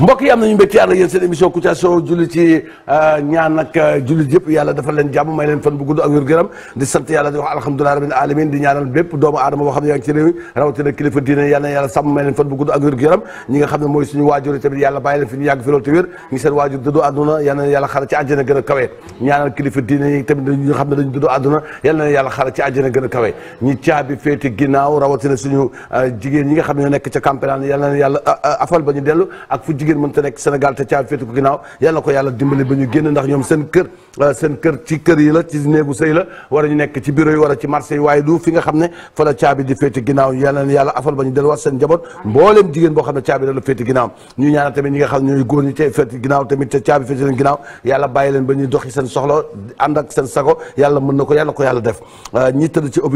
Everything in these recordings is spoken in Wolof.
mbokk yi am nañu mbégte ànd ak yéen seen émission Kouthia julli ci euh, ñaan ak euh, jullit yëpp yàlla leen jàmm may fan bu gudd ak wér di sant yàlla di alamin di ñaanal bépp doomu aadama boo xam ne yaa ci réew rawatina kilifa diine yàlla yàlla sàmm fan bu a kawe ñaanal kilifa ñi nga xam ne dañu dëddoo àdduna yàlla na gën kawe ñi caabi féete ginnaaw rawatina suñu euh, jigéen ñi nga xam ne nekk ca campagne yàlla afal ba ñu dellu jigéen mënta nekk Sénégal te caabi féete ko ginnaaw yàlla na ko yàlla dimbali ba ñu génn ndax ñoom seen kër Euh, seen kër ci kër yi la ci néegu sëy la war ñu nekk ci bureau yi war a ci marché yi waaye du fi nga xam ne fa la caabi di féete ginnaaw yàlla na yàlla afal ba ñu delluwaat seen njaboot mbooleem jigéen boo xam ne caabi dala féete ginnaaw ñu ñaanal tamit ñi nga xam ne ñooy góor ñi féete ginnaaw tamit caabi féete leen ginnaaw yàlla bàyyi leen ba ñuy doxi seen soxla ànd ak seen sago yàlla mën na ko yàlla ko yàlla def euh, ci na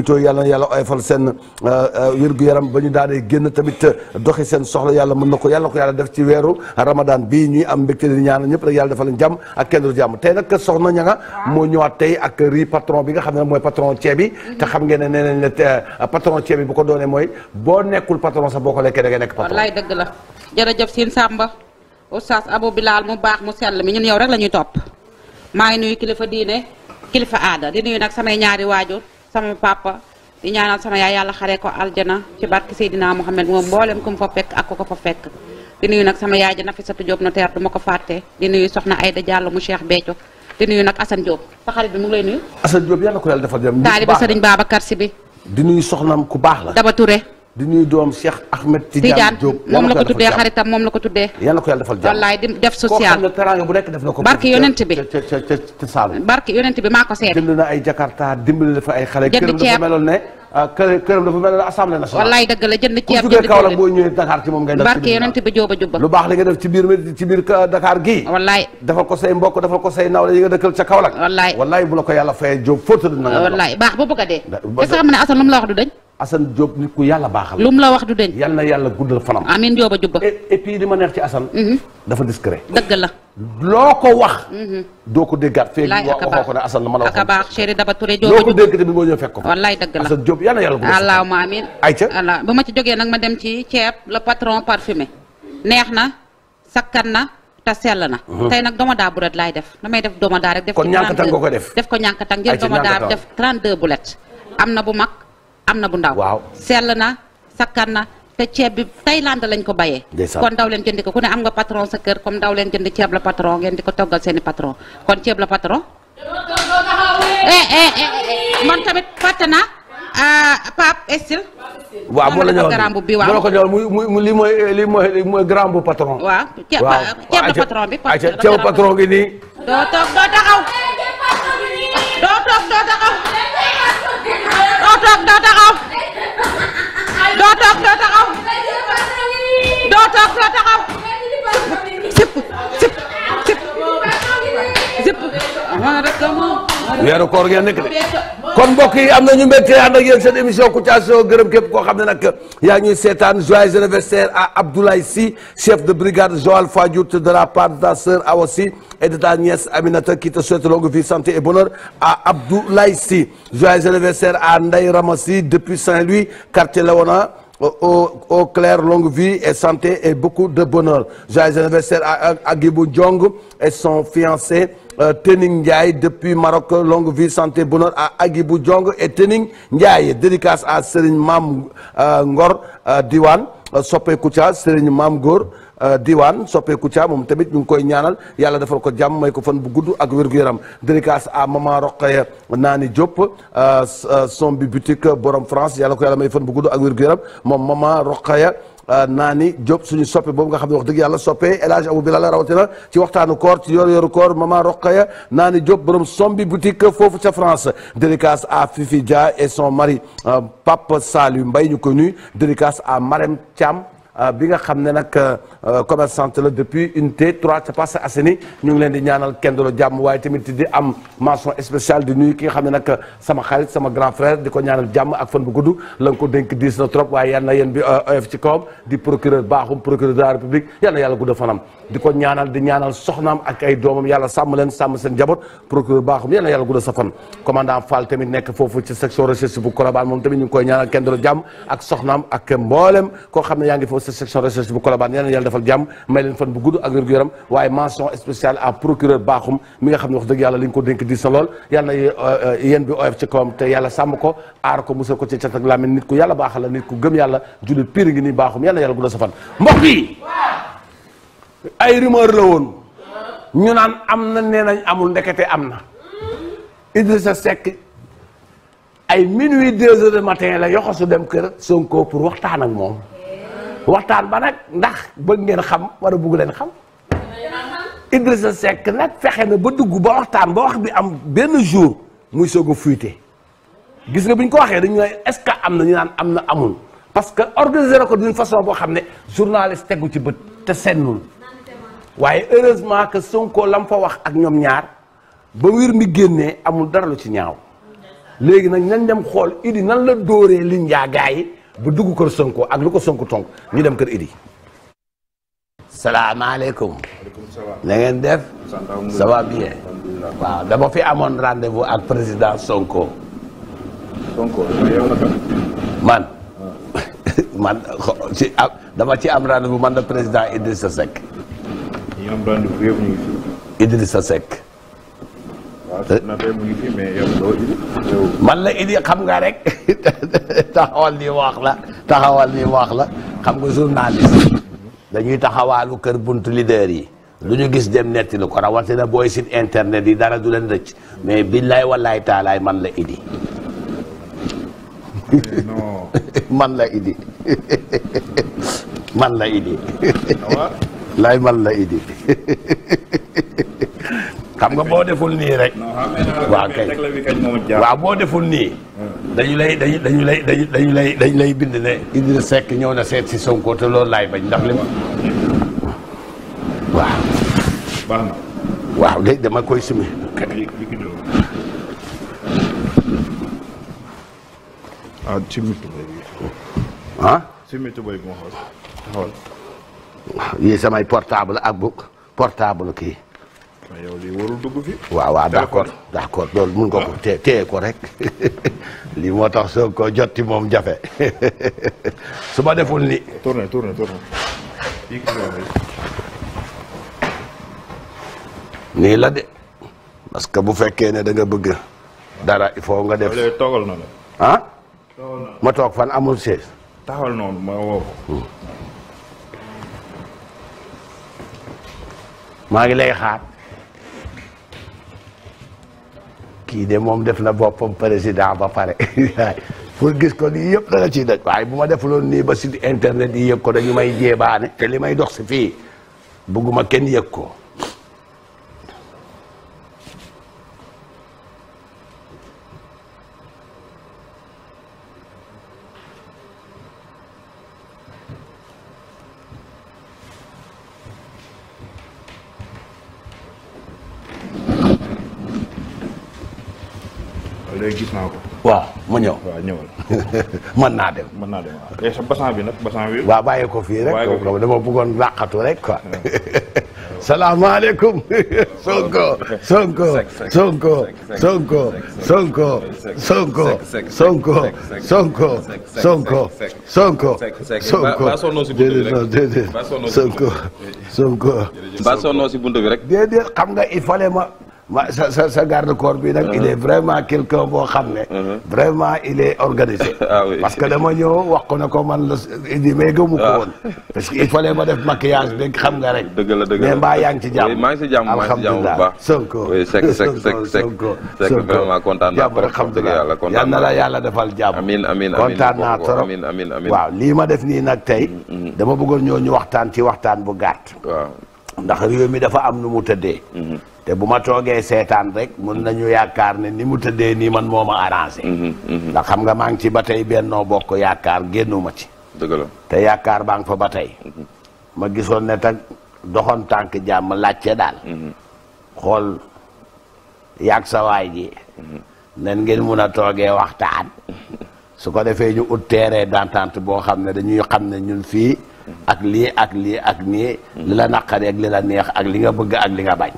ko yàlla ko yàlla def ci weeru ramadan bii ñuy am mbégte di soxna ñanga moo ñëwaat tey ak riz patron bi nga xam ne mooy patron ceeb bi te xam ngeen ne nee nañ ne euh, patron ceeb bi bu ko doonee mooy boo nekkul patron sax boo ko lekkee da ngay nekk patron wallaay dëgg la jërëjëf Sine Samba oustaz Abou Bilal mu baax mu sell mi ñun yow rek la ñuy topp maa ngi nuyu kilifa diine kilifa aada di nuyu nag sama yaay yàlla xaree ko aljana ci barke Seydina Mohamed moom mboolem ku fa fekk ak ko fa fekk di nag sama yaay ji Nafisatu Diop notaire du ma ko fàtte di nuyu soxna Ayda Diallo mu di nuyu nag Assane Diop sa xarit bi mu ngi lay nuyu Assane Diop yàlla ko yàlla defal jàmm taaliba Sëriñ Babacar Si bi di nuyu soxnaam ku baax la Daba di nuyu doom Cheikh Ahmed Tidiane Diop moom la ko tuddee xaritam moom la ko tuddee yàlla ko bi ci Saalum barke yonent bi maa ko seet jënd bi jóoba jubba lu baax li def ci biir ci biir euh, Dakar defal ko say mbokk defal ko say nawle yi nga dëkkal ca Kaolack wallaay wallaay ko yàlla fayee Diop fóotal na nga baax ba bëgg a dee est-ce ne Assane lu la wax du dañ Assane Diop nit ku yàlla baaxal. lu la wax du deñ yal na yàlla guddal fanam. amiin jooba jubba. et puis li ma neex ci Assane. Mhm. dafa discret. dëgg la. loo ko wax. Mhm. doo ko déggaat feeg. laay ak a baax waxoo ko ne la a wax. ak a baax chéri daba Touré jooba jubba loo ko dégg tamit moo ñëw fekk wallaay dëgg la na yàlla bu ma ci jógee nag ma dem ci ceeb la patron parfumé. neex na sakkan na. ta sell na mhm. tey nag domoda bulet laay def damay def domoda rek def ko ñànkatang nga ko def def ko def 32 bulet am na am na bu ndaw. waaw sell na sakkan na te ceeb bi Thaïlande lañ ko bayee. kon daw leen jënd ko ku ne am nga patron sa kër comme daw leen jënd ceeb la patron ngeen di ko toggal seeni patron kon ceeb la patron. Eh, eh, eh, man tamit fàtte naa euh, Pape Estil. waaw moo la ñu grand bu bi waaw moo la ko ñëwal mooy lii bu patron. waaw ceeb la patron bi. patron bi nii. weeru koor ngeen nekk de kon mbokk yi am na ñu mbégte ànd ak yéen seen émission Kouthia Show gërëm képp koo xam ne nag yaa ngi seetaan joyeux anniversaire à Abdoulaye Sy chef de brigade Joal Fadiouth de la part de ta sœur Awa Sy et de ta nièce Aminata qui te souhaite longue vie santé et bonheur à Abdoulaye Sy joyeux anniversaire à Ndeye depuis Saint-Louis quartier Léona au claire clair longue vie et santé et beaucoup de bonheur joyeux anniversaire à Agibou Diong et son fiancé Euh, Tening Ndiaye depuis Maroc longue vie santé bonheur à bu jong et Tening Ndiaye dédicace à Serigne Mam euh, Ngor euh, diwaan soppe Kouthia Serigne maam Góor Euh, diwaan soppe Kouthia moom tamit ñu ngi koy ñaanal yàlla defal ko jàmm may ko fan bu gudd ak wér-gu-yaram dédicace à maman Roqaya Naani Diop euh, euh, son bi boutique borom France yàlla ko yàlla may fan bu gudd ak wér-gu-yaram moom maman Roqaya Naani Diop suñu soppee boobu nga xam ne wax dëgg yàlla soppee El Hadj Abou raw rawatina ci waxtaanu koor ci yor yoru koor maman Roqaya Naani Diop borom sombi boutique foofu ca France dédicace à Fifi Dia et son mari Pape Saliou mbay ñu ko nuyu dédicace à Marème Thiam Euh, bi nga xam ne nag euh, euh, commerçante la depuis unité 3 ca Parcelles Assainies ñu ngi leen di ñaanal kenn du la jàmm waaye tamit di am mention spéciale di nuyu ki nga xam ne nag sama xarit sama grand frère di ko ñaanal jàmm ak fan bu gudd la ko dénk diis na trop waaye yal na yéen bi oyof ci kawam di procureur baaxum procureur de la république yal na yàlla gudd fanam di ko ñaanal di ñaanal soxnaam ak ay doomam yàlla sàmm leen sàmm seen sa fan commandant Fall tamit nekk foofu ci section sa section recherche bu Colobane yal na yàlla defal jàmm may leen fan bu gudd ak wérgu yaram waaye mention spéciale à procureur baaxum mi nga xam ne wax dëgg yàlla li ñu ko dénk diis na lool yal na euh, euh, yéen bi oyof ci kawam te yàlla sàmm ko aar ko musal ko ci cat nit ku yàlla baaxal la nit ku gëm yàlla jullit pire ngi nii baaxum na yàlla gudd sa fan mbokk ay rumeur la woon ñu naan am na nee nañ amul ndekete am na Idrissa Seck ay minuit deux heures de matin la yoxo su dem kër Sonko pour waxtaan ak moom waxtaan ba nag ndax bëgg ngeen xam wala bëgg leen xam sa Seck nag fexe na ba dugg ba waxtaan ba wax bi am benn jour muy soog a fuite gis nga bu ñu ko waxee dañu ne est-ce que am na ñu naan am na amul parce que organiser na ko d'une façon boo xam ne journaliste tegu ci bët te seen sennul waaye heureusement que Sonko lam fa wax ak ñoom ñaar ba wir mi génnee amul dara lu ci ñaaw léegi nag nañ dem xool indi nan la dóoree liñ yaa gaay yi bu dugg kër Sonko ak lu ko Sonko tonk ñu dem kër Idi. salaamaaleykum. maaleykum salaam. na ngeen def. ça va bien. dama fi amoon rendez ak président Sonko. Sonko yow man. Ah. dama ci am rendez-vous man la président Idrissa Seck. ñi am rendez man la idi xam nga rek taxawal nii wax la taxawal nii wax la xam nga journaliste dañuy taxawaalu kër buntu leader yi lu ñu gis dem netti lu ko na booy site internet yi dara du leen rëcc mais billaay wallaay taalaay man la idi man la idi la idi ah laay la idi xam nga boo deful nii rek. waaw boo deful nii. dañu lay dañu dañu lay dañu lay dañu lay bind ne ñëw na seet si Sonko te loolu laay bañ ndax li ma. waaw. baax na. waaw dama koy sumé. ah sumé tubay bi. ah. sumé samay portable ak portable kii. yow lii warul dugg fi. d' accord d' accord loolu mun nga ko ah. té téye ko rek lii moo tax soo ko jotti moom jafe su ma deful ni tourné tourné tourné. nii la de parce que bu fekkee ne da nga bëgg dara il faut nga def. loolu toogal na ah? la. ma toog fan amul sees. taxawal noonu ma hmm. maa ngi lay xaar. kii de moom def na boppam président ba pare pour gis ko lii yëpp dana ciy daj waaye bu ma defuloon nii ba site internet yi ko ko dañu may jéebaane te li may dox si fii bëgguma kenn yëg ko waaw ñëwal. mën naa dem. mën naa dem waaw et sa bassin bi nag bassin bi. waaw bàyyi ko fii rek. bàyyi ko dama bëggoon làqatu rek quoi. salaamaaleykum. Sonko Sonko Sonko Sonko Sonko Sonko Sonko Sonko Sonko Sonko Sonko déedéet Sonko Sonko. ba sonnoo si buntu bi rek. déedéet xam nga il fallait ma. ma sa sa sa garde corps bi nag. il est vraiment quelqu'un boo xam ne. Mhm. vraiment il est organisé. Ah parce que dama ñëw wax ko ne ko man la indi mais gëmu ko ah. woon. parce que il fallait ma def maquillage bi xam nga rek. dëgg la dëgg la mais mbaa yaa ngi ci jàmm. maa ngi ci jàmm maa ngi ci jàmm bu baax. Sonko oui Seck Seck Seck Seck vraiment kontaan naa trop alhamdulilah yal na la yàlla defal jàmm. amiin amiin amiin kontaan naa trop waaw lii ma def nii nag tey. Mm, mm. dama bëggoon ñoo ñu waxtaan ci waxtaan bu gàtt. waaw ndax réew mi dafa am nu mu tëddee. Mm-hmm. te bu ma toogee seetaan rek mun nañu yaakaar ne ni mu tëddee nii man moom ma arrangé. Mhm, mhm. ndax xam nga maa ngi ci ba tey bennoo bokk yaakaar génnuma ci. dëgg te yaakaar baa ngi fa ba tey. Mhm. ma gisoon ne tak doxoon tànk jàmm laajte daal. xool yaag sa waay ji. nan ngeen mun a toogee waxtaan. su ko defee ñu ut terrain d'entente boo xam ne dañuy xam ne ñun fii. ak lii ak lii ak nii. li la naqari ak li la neex ak li nga bëgg ak li nga bañ.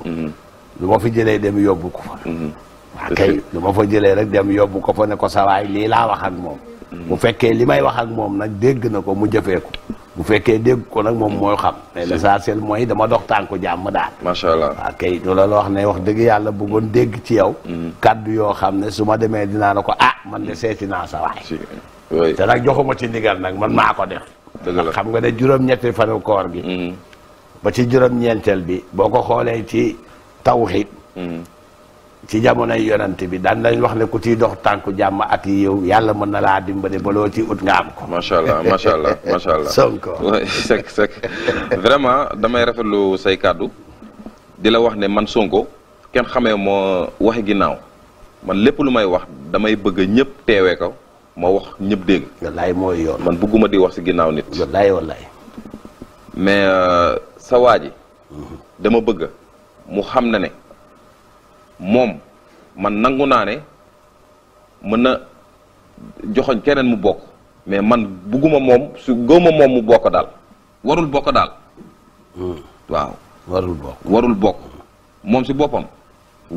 lu ma fi jëlee dem yóbbu ko fa. Mhm. waa kay lu ma fa jëlee rek dem yóbbu ko fa ne ko sawaay lii laa wax moom. Mhm. bu fekkee li may wax ak moom nag dégg na ko mu jëfee ko. bu fekkee dégg ko nag moom mooy xam. mais l'essentiel mooy dama dox tànku jàmm daal. macha allah waaw kay loolu wax ne wax dëgg yàlla bëggoon dégg ci yow. Mhm. kàddu yoo xam ne su ma demee dinaa na ko ah man de seeti naa sawaay. te nag joxuma ci ndigal nag man maa ko def. dëgg xam nga ne juróom-ñetti fanu koor gi. tawxiid mm. ci jamonoy yonante bi daan nañ wax ne ku ciy dox tànku jàmm at yi yow yàlla mën na laa dimbale ba loo ci ut nga am ko. macha allah macha allah macha allah Sonko sek sek vraiment damay rafetlu say kàddu di la wax ne man Sonko kenn xamee moo waxe ginnaaw man lépp lu may wax damay bëgg ñëpp teewee ko ma wax ñëpp dégg. wallaay mooy yoon man bëgguma di wax si ginnaaw nit. wallaay wallaay. mais euh, sa waa mm-hmm. dama bëgg. mu xam na ne moom man nangu naa ne mën na joxoñ keneen mu bokk mais man bugguma moom su gëwma moom mu bokk daal warul bokk daal hmm. waaw warul bokk warul moom si boppam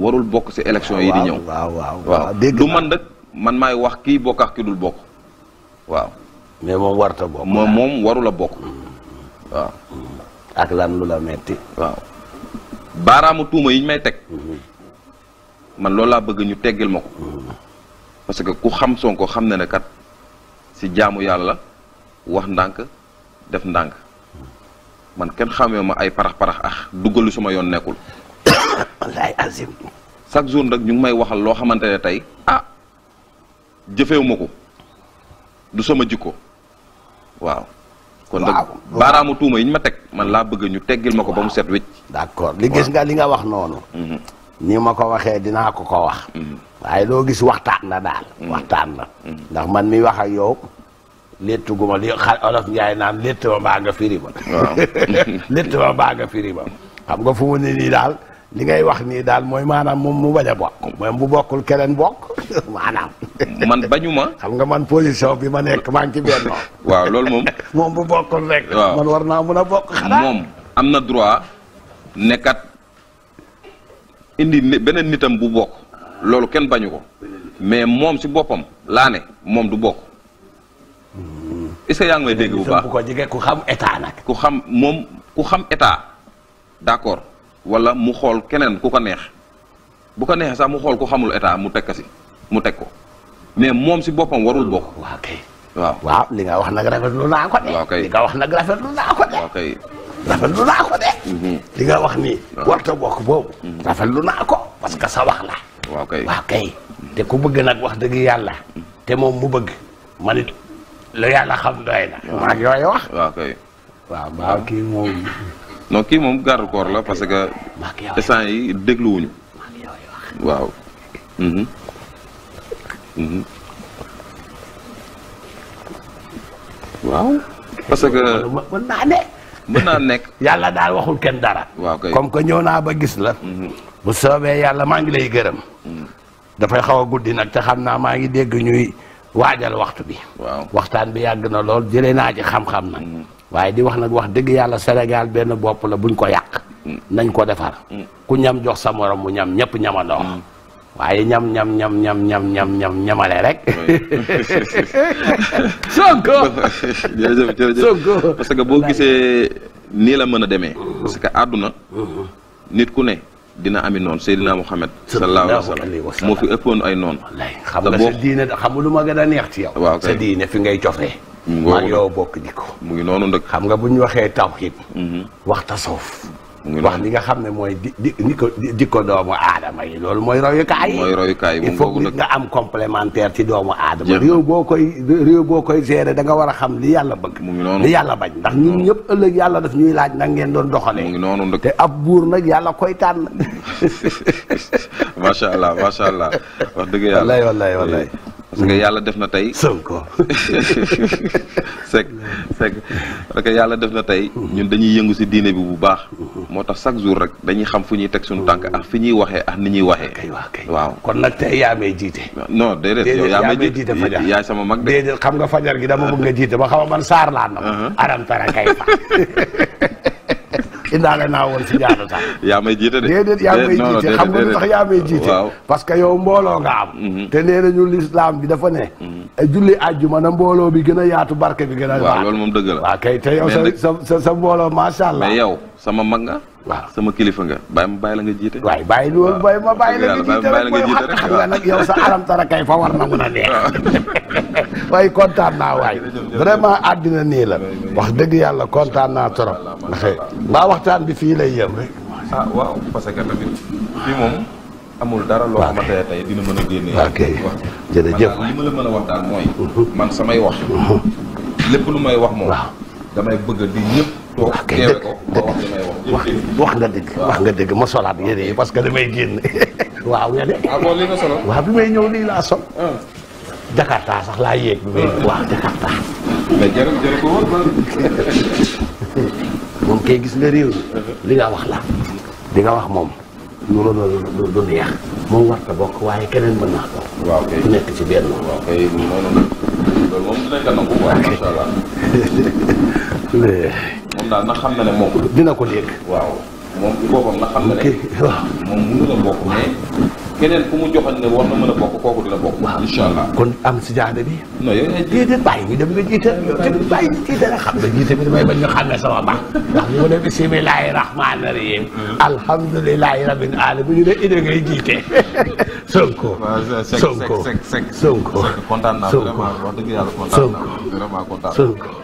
warul bokk si élection yi di ñëw waaw man nag man maay wax kii bokk ak ki dul bokk waaw mais moom warta bokk moom moom warul a bokk hmm. waaw hmm. ak lan lu la metti waaw baaraamu tuuma yi ñu may teg mhm. man loolu laa bëgg ñu teggil ma ko mhm. parce que ku xam Sonko xam na ne kat si jaamu yàlla wax ndànk def ndànk mhm. man kenn xamee ma ay parax parax ax ah, duggalu sama yoon nekkul. wallaay azim. chaque jour nag ñu ngi may waxal loo xamante ne tey ah jëfewu ma ko du sama jikko waaw. kon nag baaraamu tuuma yi ñu ma teg man laa bëgg ñu teggil ma ko ba mu set wécc d'accord li gis nga li nga wax noonu mhm. ni ma ko waxee dinaa ko ko wax mhm. waaye loo gis waxtaat la daal waxtaan na mhm. ndax man mi wax ak yow léttu guma ma xa olof njaay naan létt ma mbaa nga firi ma létt ma xam nga fu mu ne nii daal li ngay wax nii daal mooy maanaam moom mu bañ a bokk même bu bokkul keneen bokk maanaam. man bañu ma. xam nga man position bi ma nekk maa ci benn. waaw loolu moom. moom bu bokkul rek. a bokk. moom am na droit nekkat indi beneen nitam bu bokk loolu kenn bañu ko mais moom si boppam laa ne moom du bokk. Hmm. est-ce que yaa ngi may dégg bu baax ko ku xam état nag. ku xam moom ku xam état d'accord. wala mu xool keneen ku ko neex bu ko neexee sax mu xool ku xamul état mu teg si mu teg ko mais moom si boppam warul bokk. waaw kay. waaw waaw li nga wax nag rafetlu naa ko de. wax nag rafetlu naa ko de. ko mm-hmm. li nga wax nii. waaw warta bokk boobu. Mm-hmm. rafetlu naa ko parce que sa wax la. waaw kay waaw kay. Mm-hmm. te ku bëgg nag wax dëgg yàlla. te moom mu bëgg. man it lu yàlla xam doy na. maa ngi yooyu wax. waaw kay. kii moom. donc kii moom garde corps la parce que instant yi dégluwuñu waaw mhm. Mhm. waaw parce que mën naa ne mën naa nekk yàlla daal waxul kenn dara waaw comme que ñëw naa ba gis la mhm. bu soobee yàlla maa ngi lay gërëm dafay xaw a guddi nag te xam naa maa ngi dégg ñuy waajal waxtu bi waaw waxtaan bi yàgg na lool jële naa ci xam-xam nag waaye di wax nag wax dëgg yàlla Sénégal benn bopp la buñ ko yàq nañ ko defar ku ñam jox sa morom mu ñam ñëpp ñamandoo mm. waaye ñam ñam ñam ñam ñam ñam ñam ñamale rek. Sonko. jërëjëf parce que boo gisee nii la mën a demee. Mm-hmm. parce que àdduna. Mm-hmm. nit ku ne dina ami noonu Seydina Muhammad. sallallahu alayhi wa sallam moo fi ëppoon ay noonu. xam nga sa diine xam lu ma gën a neex ci yow. sa diine fi ngay cofee. maag yow bokk jikko mu ngi noonu nag xam nga bu ñu waxee tawxiid mm-hmm. wax tasawuf wax li nga xam ne mooy di di ni ko jikko doomu aadama yi loolu mooy royukaay yi mooy royukaay yi il faut nga am complémentaire ci doomu aadama réew boo koy réew boo koy gérer da nga war a xam li yàlla bëgg mu ngi li yàlla bañ ndax ñun ñëpp ëllëg yàlla daf ñuy laaj nag ngeen doon doxalee mu noonu nag te ab buur nag yàlla koy tànn macha allah macha allah wax dëgg yàlla wallaay wallaay wallaay eh. parce mm. yàlla def na tey. Sonko. Seck Seck parce que yàlla def na tey. Mm. ñun dañuy yëngu si diine bi bu baax. Mm-hmm. moo tax chaque jour rek dañuy xam fu ñuy teg suñu tànk mm-hmm. ak fi ñuy waxee ak ni ñuy waxee. kay waaw waaw kon nag tey yaa may jiite. Ah, non déedéet yow yaa may jiite fajar yaay sama mag de. déedéet xam nga fajar gi dama bëgg nga jiite ba xaw man saar laa nam. Uh-huh. aram kay fa. indaale naa woon si jaadu tax. yaa may jiite de déedéet yaa may jiite xam parce que yow mbooloo nga am. Mm-hmm. te nee nañu lislaam bi dafa ne. Mm-hmm. Eh, julli àjjuma na mbooloo bi gën a yaatu barke bi gën a. waaw loolu moom dëgg la waaw kay te yow sa sa sa mbooloo macha allah. mais yow sama mag nga. waaw sama kilifa nga bàyyi ma la nga jiite. waaw bàyyi loolu bàyyi ma bàyyi la nga jiite rek mooy xam xam nga nag yow sa alam tara kay fa war na mun a neex. waaye kontaan naa waay vraiment àddina nii la wax dëgg yàlla kontaan naa trop. ndax eh, ba waxtaan bi fii lay yem rek. ah waaw parce dara loo xamante ne tey dina mën a génne. ok jërëjëf li ma la mën a wax daal mooy. Uhuh. man samay wax. Uhuh. lépp lu may wax moom. damay bëgg di ñëpp. wax wax nga wax nga dëgg ma solaat yére yi parce que damay génn waaw nga de ah, waaw bi may ñëw lii laa sol ah. Jakarta sax laa yéeg bi may Jakarta moom kay gis nga réew uh-huh. li nga wax la li nga wax moom lu la lu moom war ta waaye keneen mën naa ko waaw kay nekk ci benn boppam daal na xam na ne moo ko dina ko dégg waaw moom ci boppam na xam na ne waaw moom mënu la bokk mais keneen ku mu joxoon ne war na mën a bokk kooku dina bokk waaw incha allah kon am si jaada bi non yow déedéet bàyyi ñu dem nga jiite te bàyyi ñu jiite la xam nga jiite bi damay bañ nga xam ne sama baax ndax mu ne bisimilahi rahmaani rahim hmm. alhamdulilahi rabbil alamin ñu ne ida ngay jiite sonko sonko sonko sonko kontaan naa vraiment wax dëgg yàlla kontaan naa vraiment kontaan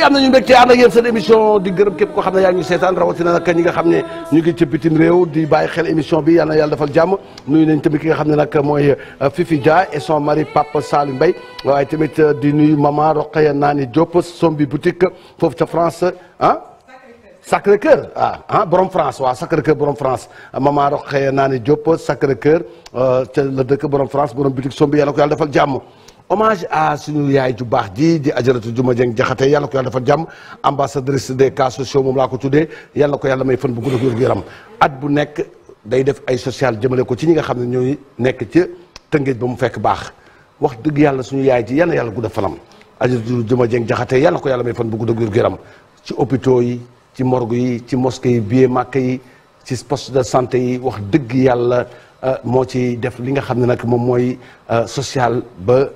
yi am nañu mbégte ànd ak yéen seen émission di gërëm képp ko xam ne yaa ngi seetaan rawatina nag ñi nga xam ne ñu ngi ci bitim réew di bàyyi xel émission bi yal na yàlla defal jàmm nuyu nañ tamit ki nga xam ne nag mooy euh, Fifi Dia et son mari Pape Salim Mbaye waaye tamit euh, di nuy maman Rokhaya Nani Diop sombi boutique foofu ca France ah Sacré Cœur ah ah borom France waa Sacré Cœur borom France maman Rokhaya Nani Diop Sacré Cœur euh, ca la dëkk borom France borom boutique sombi yàlla ko yàlla hommage à suñu yaay ju baax ji di ajaratu Juma Jeng Jaxate yàlla ko yàlla dafa jàmm ambassadrice des cas sociaux moom ko tuddee yàlla ko yàlla may fan bu gudd ak wér-gu-yaram at bu nekk day def ay social jëmale ko ci ñi nga xam ne ñooy nekk ci tëngéej ba mu fekk baax wax dëgg yàlla suñu yaay ji yàlla yàlla gudd fanam ajaratu Juma Jeng Jaxate yàlla ko yàlla may fan bu gudd ak wér-gu-yaram ci hôpitaux yi ci morgue yi ci mosquée yi biir màkk yi ci poste de santé yi wax dëgg yàlla euh, moo ci def li nga xam ne nag moom mooy euh, social ba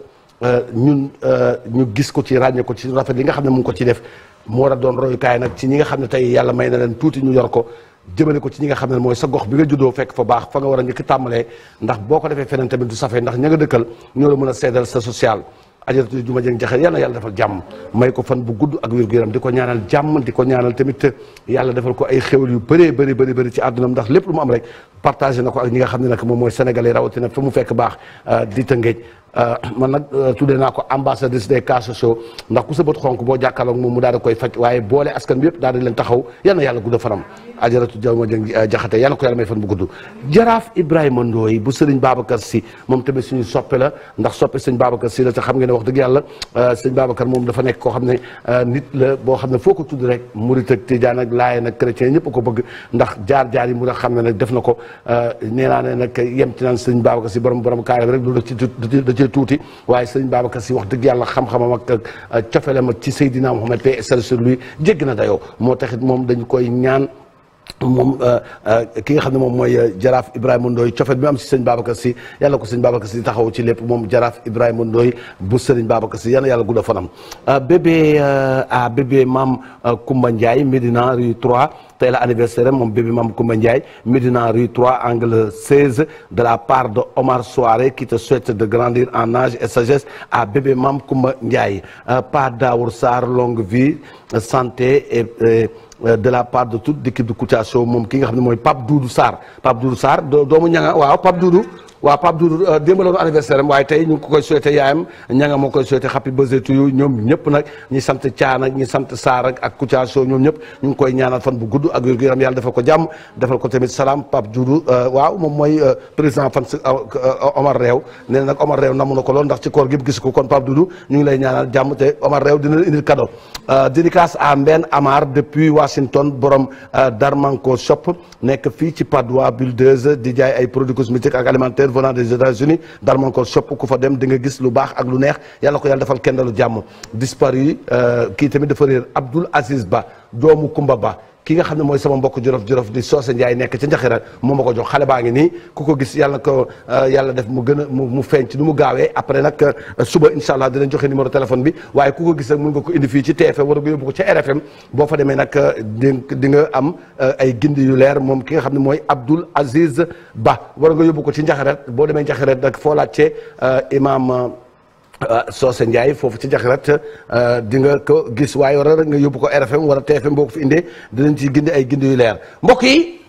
Euh, ñun euh, ñu gis ko ci ràññee ko ci rafet li nga xam ne mu ko ci def mu war a doon royukaay nag ci ñi nga xam ne tey yàlla may na leen tuuti ñu yor ko jëmale ko ci ñi nga xam ne mooy sa gox bi nga juddoo fekk fa baax fa nga war a njëkk tàmbalee ndax ko defee feneen du safee ndax ña nga dëkkal ñoo mën a seedal sa social ajaratu juma jëng jaxal yal na yàlla defal jàmm may ko fan bu gudd ak wér gu yaram di ko ñaanal jàmm ko ñaanal tamit yàlla defal ko ay xéwal yu bëree bëri bëri bëri ci àddunam ndax lépp lu am rek partagé na ko ak ñi nga xam ne nag moom mooy sénégalais rawatina fa mu fekk baax euh, di tëngeej Euh, man nag euh, tuddee naa ko ambassadrice des cas sociaux ndax ku sa xonk boo jàkkaarloog moom mu daal di koy faj waaye boole askan bi yëpp daal di leen taxaw yal na yàlla gudd faram ajaratu jaw ma jëng euh, jaxate yal na ko yàlla may fan bu gudd jaraaf Ibrahima Ndoye bu sëriñ Babacar si moom tamit suñu soppe la ndax soppe sëñ Babacar si la te xam ngeen ne wax dëgg yàlla sëñ Babacar moom dafa nekk koo xam ne nit la boo xam ne foo ko tudd rek murit ak tijaan ak laayeen ak chrétien ñëpp ko bëgg ndax jaar-jaar yi mu a xam ne nag def na ko nee naa ne nag yem ci naan sëñ Babacar si borom borom kaare rek tuutee tuuti waaye sëriñ Babacar Sy wax dëgg yàlla xam-xamam ak cofelam ak ci Seydina Mohamed paix et salut sur lui jégg na dayoo moo taxit moom dañ koy ñaan moom euh, euh, ki nga xam ne moom mooy euh, jaraaf Ibrahima Ndoye cofet bi am si sëñ Babacar si yàlla ko sëñ Babacar si taxaw ci lépp moom jaraaf Ibrahima Ndoye bu sëriñ Babacar si yàlla yàlla gudda fanam bébé a bébé maam Koumba Ndiaye Médina rue 3 tey la anniversaire moom bébé maam Koumba Ndiaye Médina rue 3 angle 16 de la part de Omar Soare qui te de grandir en âge et sagesse à bébé maam Koumba Ndiaye Pa Daour Sarr longue vie santé Euh, de la part de toute l'équipe de Kouthia Show moom ki nga xam ne mooy Pape Doudou Sarr Pape Doudou Sarr doomu ñanga waaw Pape Doudou waa Pape Doudou euh, démb la waaye tey ñu ngi ko koy souhaité yaayam ña koy souhaité happy birthday to ñoom ñëpp nag ñi sant Thian ak ñi sant Sarr ak ak Kouthia Show ñoom ñëpp ñu ngi koy ñaanal fan bu gudd ak wér gu yaram yàlla defal ko jàmm defal ko tamit salaam Pape Doudou euh, waaw moom mooy euh, président fan Omar Réew nee na nag Omar Réew namu na ko lool ndax ci koor gi gis ko kon Pape Doudou ñu ngi lay ñaanal jàmm te Omar Réew dina la indil cadeau dédicace à Mbène Amar depuis Washington borom Darmanko shop nekk fii ci Padoua Buldeuse di jaay ay produits cosmétiques ak alimentaires venant des États-Unis Darman Call Shop ku fa dem di nga gis lu baax ak lu neex yalla ko yàlla defal kendalu jàmm disparu euh, kii tamit dafa réer Abdoul Aziz Ba doomu Kumba Ba ki nga xam ne mooy sama mbokk jorof jorof di soose njaay nekk ca njaxira moo ma ko jox xale baa ngi nii ku ko gis yàlla ko euh, yàlla def mu gën a mu feeñ ci nu mu gaawee après nag euh, suba incha allah dinañ joxe numéro téléphone bi waaye ku ko gis nag mun nga ko indi fii ci TFM wala nga yóbbu ko ca RFM boo fa demee nag euh, di nga am ay gindi yu leer moom ki nga xam ne mooy Abdoul Aziz Ba war nga yóbbu ko ci njaxaret boo demee njaxaret nag foo laajte imam Ah, Socé Ndiaye foofu ci jaxarat ah, di nga ko gis waaye war nga yóbbu ko RFM wala TFM boo ko fi indee dinañ ci gindi ay gindi yu leer mbokk yi.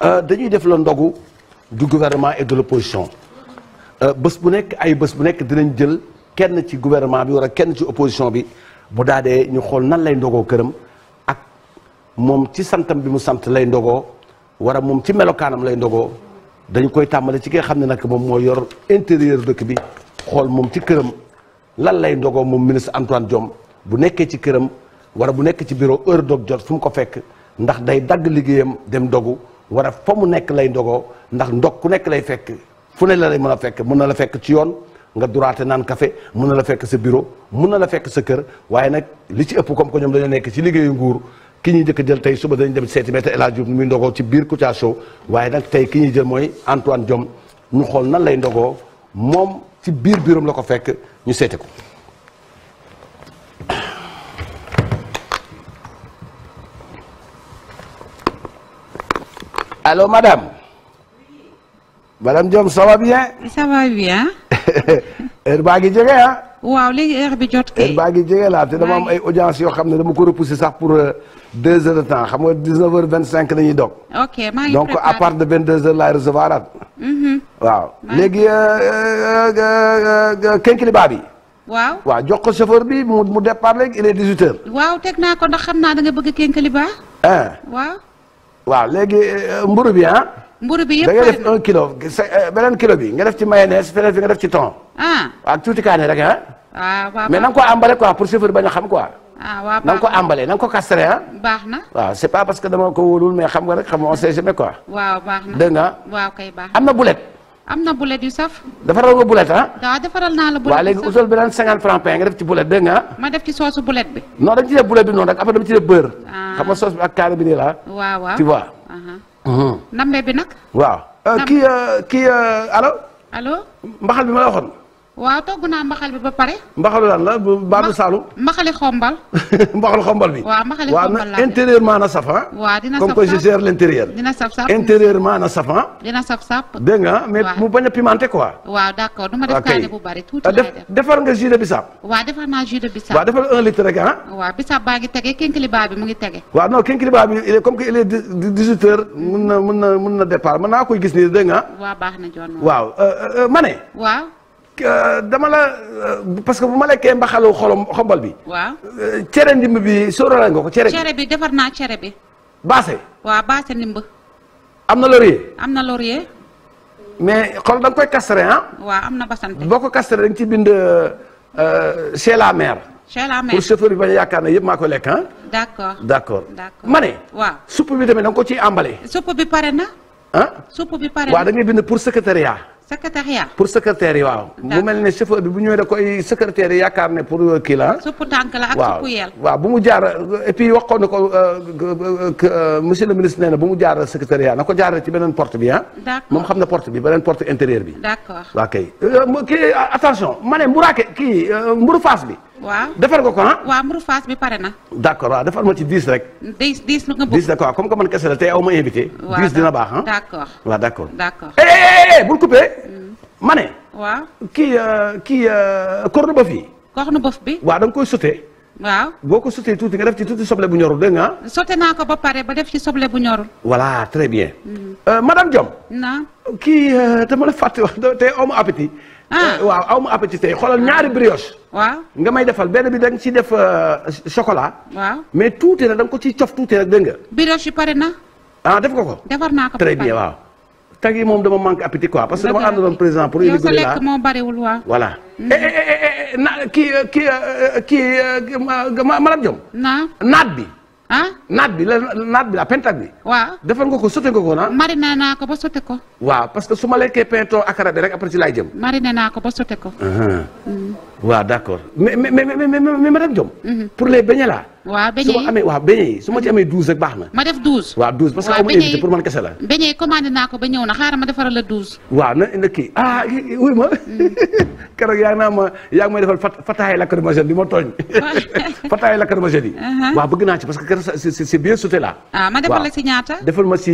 Ah, dañuy def la ndogu du gouvernement et de l'opposition bés bu nekk ay bés bu nekk dinañ jël kenn ci gouvernement bi wala kenn ci opposition bi bu daadee ñu xool nan lay ndogoo këram ak moom ci santam bi mu sant lay ndogoo wala moom ci melokaanam lay ndogoo dañu koy tàmbale ci ki nga xam ne nag moom moo yor intérieur dëkk bi. xool moom ci këram lan lay ndogoo moom ministre Antoine Diome bu nekkee ci këram wala bu nekk ci bureau heure dog jot fu ko fekk ndax day dagg liggéeyam dem dogu wala fa mu nekk lay ndogoo ndax ndog ku nekk lay fekk fu ne la lay mën a fekk mën na la fekk ci yoon nga duraate naan kafe mën na la fekk sa bureau mun na la fekk sa kër waaye nag li ci ëpp comme que ñoom dañoo nekk ci liggéeyu nguur ki ñuy jëkk jël tey suba dañu dem seeti Maître El Hadji Diouf muy ndogoo ci biir Kouthia Show tey ki ñuy jël mooy Antoine Diome ñu xool nan lay ndogoo ci biir biiram la ko fekk ñu seete ko allô madam madame jom ça va bien ça jege ah waaw léegi heure bi jot kay. heure baa ngi jege laa te dama am ay audience yoo xam ne dama ko repousser sax pour euh, deux heures de temps xam nga dix neuf heures vingt cinq la ñuy doog. ok maa ngi donc à part de vingt deux heures laay recevoir at. Mm-hmm. waaw léegi euh, euh, Kénkiliba bi. waaw waaw jox ko chauffeur bi mu mu départ léegi il est dix huit heures. waaw teg naa ko ndax xam naa da nga bëgg Kénkiliba. waaw. waaw léegi mburu bi ah. mburu bi yëpp da ngay kilo eh, beneen kilo bi nga def ci mayonnaise feneen bi nga def ci thon. ah tuuti kaane rek ah. ah mais na ko emballé quoi pour chauffeur bañ a xam quoi. ah na ko emballé na ko castré ah. baax na waaw c'est pas parce que dama ko wóolul mais xam nga rek xam nga am na boulet. na boulet yu saf. defaral nga boulet ah. waaw defaral naa def ci boulet dégg nga. ma def ci soosu boulet bi. noonu rek après dama ci def beurre. Ah. xam nga soos bi ak kaane bi nii la. Ah. waaw waaw Uh-huh. nambe bi nag. waaw uh, kii uh, kii uh, allo. allo mbaxal bi ma la waxoon. waaw togg naa mbaxal bi ba pare. mbaxalu lan la baadu Saalum. mbaxali xombal. mbaxalu xombal bi. waaw mbaxali xombal laa intérieurement na saf ah? waaw dina saf saf saf na saf ah? dina saf saf. dégg nga mais mu bañ a pimenté quoi. waaw d'accord du ma def kaane bu bari. tuuti ah, lay def defar nga jus de bissap. waaw defar naa jus de waaw defar un litre rek ah. waaw bissap baa ngi tege kinkiliba bi mu ngi tege. waaw non kinkiliba bi il comme que il est dix mun na mun na mun na départ mën naa koy gis nii dégg nga. waaw baax na John. waaw euh, euh, euh, ma ne. Euh, dama la euh, parce que bu ma lekkee mbaxalu xolom xombal bi. waa euh, cere ndimb bi sóoraale nga ko cere bi. bi defar naa cere bi. baase. waaw baase ndimb. am na laurier. am na laurier. mais xol da koy castre ah. waaw am na basante. boo ko castre da ci bind chez la mère. chez la mère pour chauffeur bi bañ a yaakaar na yëpp maa ko lekk ah. d' accord ma ne. waaw supp bi tamit da nga ko ciy emballé. supp bi pare na. ah. supp bi pare na waaw da bind pour secrétariat. secrétariat pour secrétaire yi waaw. mu mel ne chauffeur bi bu ñëwee da koy secrétaire yi yaakaar ne pour euh, kii la suppu tànk la waaw bu mu jaar et puis waxoon na ko euh, euh, monsieur le ministre nee na bu mu jaar secrétariat na ko jaarale ci beneen port bi ah. moom xam na porte bi beneen porte intérieur bi. d'accord waaw kay kii attention ma ne mburaake kii mburu faas bi. waaw defar nga ko ah. waaw mburu faas bi pare na. d' accord waaw defar ma ci 10 rek. 10 10 lu nga bëgg 10 comme que man kese la tey aw ma invité. waaw 10 dina baax ah. d' accord waaw d' coupé. ma ne. waaw kii euh, kii euh, corne boeuf yi. corne boeuf bi. waaw da nga koy sauté. waaw boo ko sotee tuuti nga def ci tuuti soble bu ñorul dégg nga. sote naa ko ba pare ba def ci soble bu ñorul. voilà très bien. Hmm. Euh, madame Diom. na kii ma la fàtte wax tey aw appétit. Ah. Eh, waaw aw ma appétit tey xoolal ñaari brioche. waaw nga may defal benn bi da nga ciy def euh, chocolat. waaw mais tuuti na dang ko ciy cof tuuti rek dégg nga. brioche yi pare na. ah def ko ko. defar naa bien waaw. tag yi moom dama manque appétit quoi parce que dama àndaloon président pour. indi góor yi la moo bariwul waaw. voilà. Mm. Eh, eh, na kii euh, kii euh, kii Maram Diom. naat bi. ah naat bi la naat bi la pentade bi. waaw defal nga ko sote nga ko na mariné naa ko ba sote ko. waaw parce que su ma lekkee pinton akara bi rek après ci laay jëm. mariné naa ko ba sote ko. Mm. waaw d' accord mais mais mais mais madame Diom. Mm-hmm. pour les beignets là. waaw beñe yi su ma amee waaw su ma ci amee douze rek baax na. ma def douze. waa douze parce que aw ma invité pour man kese la. beñe yi naa ko ba ñëw na xaaral ma defaral la douze. waaw na na ah wuy ma. keroog yaa ngi naa ma yaa ngi may defal fataay lacrymogène bi ma tooñ. fataay lacrymogène yi. waaw bëgg naa ci parce que keroog c'est bien sauté là. ah ma defal la si ñaata. defal ma si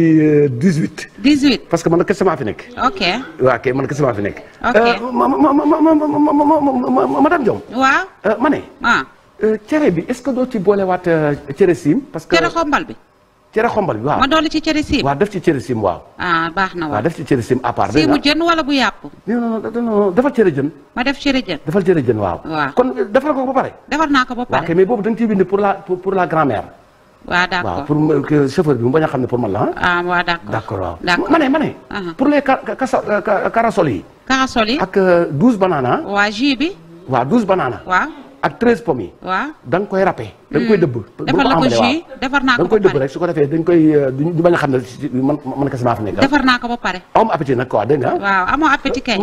dix huit. dix huit parce que man kese maa fi nekk. ok waaw kay man kese maa fi nekk. ok ma ma ma ma ma ma ma madame Diom. waaw ma ne. Euh, cere bi est-ce que doo ci boolewaat euh, cere siim. parce que cere xombal bi. cere xombal bi waaw ma dolli ci cere siim. waaw def ci cere siim waaw. Ah, na waaw waaw ah, siimu jën wala bu yàpp. non non non defal cere jën. ma def cere jën. defal cere jën waaw. waaw kon euh, defal ko ba pare. defar naa ko ba pare waaw mais boobu da nga ciy bind pour la pour grand-mère. waaw d'accord waaw pour xam ne pour man la ah. ah waaw d'accord d'accord waaw. d'accord ma ne ma ne. Uh-huh. pour les ca ca carasol yi. carasol yi ak douze banaana. waa jus bi. waaw douze banaana. ak treize pommes yi. waaw da nga koy râpé. da koy mm. dëbb. ko jus rek su ko defee dañ koy euh, du bañ a xam ne man man kese maa fi nekk. defar naa ko ba pare. am appétit appétit euh, que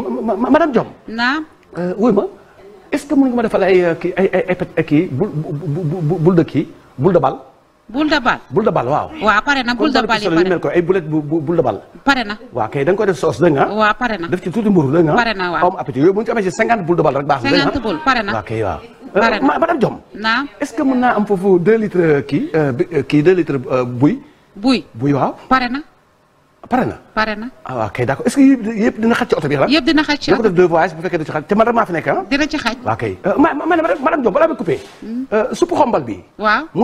mën nga ma defal ay euh, kii ay ay ay kii bul bu na koy def sauce pare na def ci tuuti mburu dégg nga. pare na waaw am appétit yooyu bu ñu amee ci cinquante bul de bal rek baax na. cinquante bul pare na Euh, madame Diom naam est-ce que mën naa am foofu deux litres euh, kii euh, kii deux litres buy buy buy waaw pare na pare na pare na ah waaw kay d'accord est-ce que yëpp dina xaj ci oto bi xalaat yëpp dina xaj ci bi deux te man rek nekk ah? dina ci xaj waaw kay euh, madame Diop ma coupé suppu bi waaw bi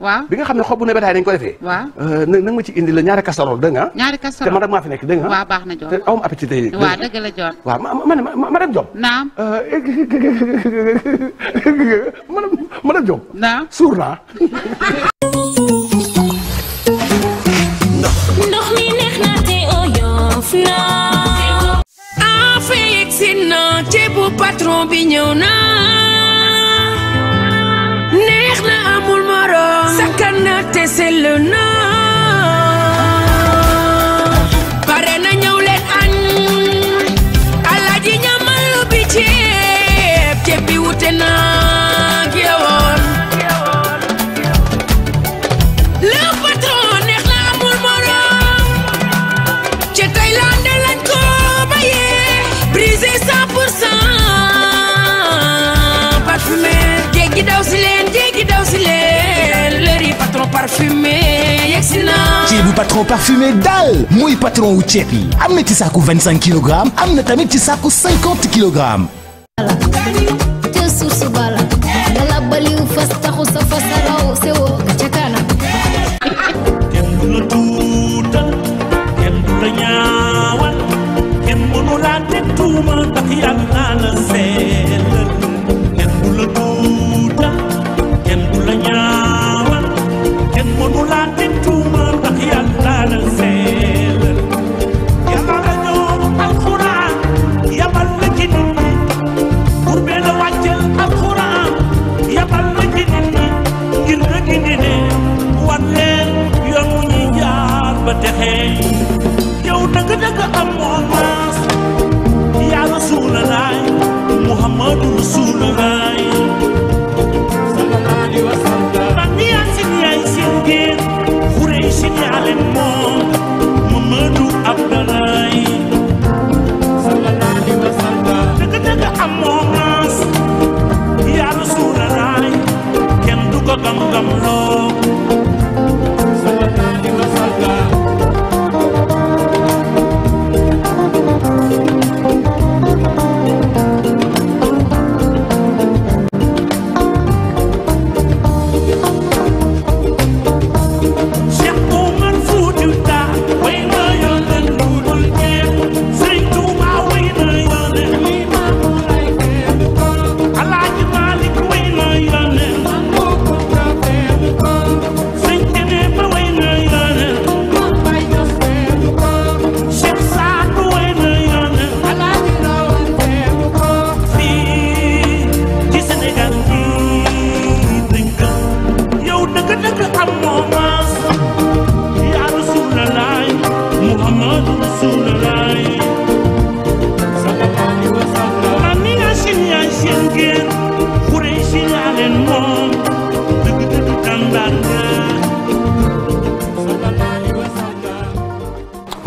waaw xam ne xobu nebetaay euh, na nga ma ci indi la ñaari casserole dégg nga ñaari casserole te man rek maa fi nekk dégg na Diop te awam appétit tey waaw dëgg la Diop waaw man madame patron bi ñëw na neex na amul morom sakkan na te sell na pare na ñëw leen añ alaaji ñamal lu bi ceeb ceeb bi wute na parfumé yegsi ceebu patron parfumé daal mooy patron wu ceeb am na ci saaku vingt cinq kilogramme am na tamit ci saaku cinquante kilogramme.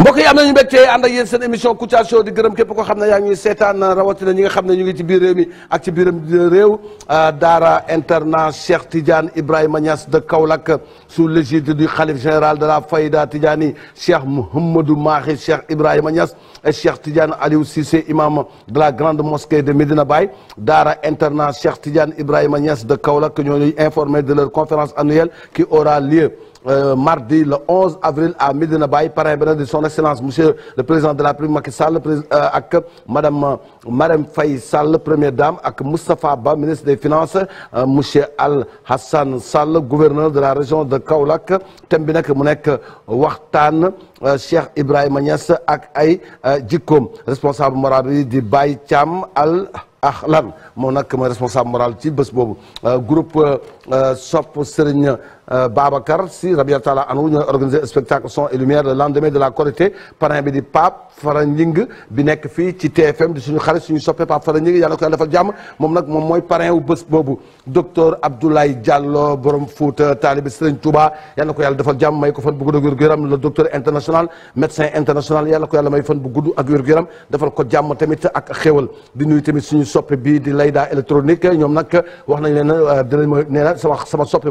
mbokk yi am nañu mbégte ànd ak yéen seen émission Kouthia Show di gërëm képp ko xam ne yaa ngi seetaan rawatina ñi nga xam ne ñu ngi ci biir réew biiram réew euh, daara internat Cheikh Tidiane Ibrahima Niass de Kaolack sous l'égide du khalife général de la Fayda Tidiani Cheikh Mouhamadou Mahi Cheikh Ibrahima Niass et Cheikh Tidiane Aliou Cissé imam de la grande mosquée de Medina Baye daara internat Cheikh Tidiane Ibrahima Niass de Kaolack ñoo ñuy informé de leur conférence annuelle qui aura lieu Euh, mardi le 11 avril à Medina Baye parrain bi nag di son excellence monsieur le président de la République Macky Sall euh, ak madame euh, Marème Faye Sall première dame ak Moustapha Ba ministre des finances monsieur Al Hassan Sall gouverneur de la région de Kaolack thème bi nag mu nekk waxtaan Cheikh Ibrahima Niass ak ay jikkoom responsable moral di Baye Thiam Al. ah lan moom responsable moral ci bés boobu groupe Serigne Euh, Babacar si rabia taala anhu ñooy organiser spectacle son et lumière lendemain de la Korité parrain bi di Pape Fara bi nekk fii ci TFM di suñu xarit suñu soppe Pape Fara Ñing yàlla ko yàlla defal jàmm moom nag moom mooy parrain wu bés boobu docteur Abdoulaye Diallo borom Fouta taalibi Sëriñ Touba yàlla ko yàlla defal jàmm may ko fan bu gudd ak wér gu yaram le docteur international médecin international yàlla ko yàlla may fan bu gudd ak wér gu defal ko jàmm tamit ak xéwal di nuyu tamit suñu soppe bii di Layda électronique ñoom nag wax nañ leen euh, dinañ ma nee na sama sama soppe